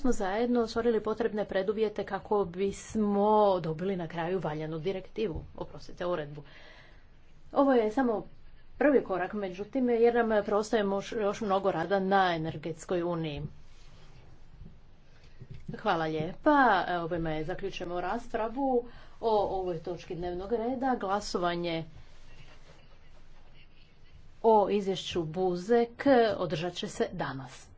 smo zajedno stvorili potrebne preduvjete kako bismo dobili na kraju valjanu direktivu, oprostite, uredbu. Ovo je samo prvi korak, međutim, jer nam preostaje još mnogo rada na energetskoj uniji. Hvala lijepa. Ovime zaključujemo raspravu o ovoj točki dnevnog reda. Glasovanje o izvješću Buzek održat će se danas.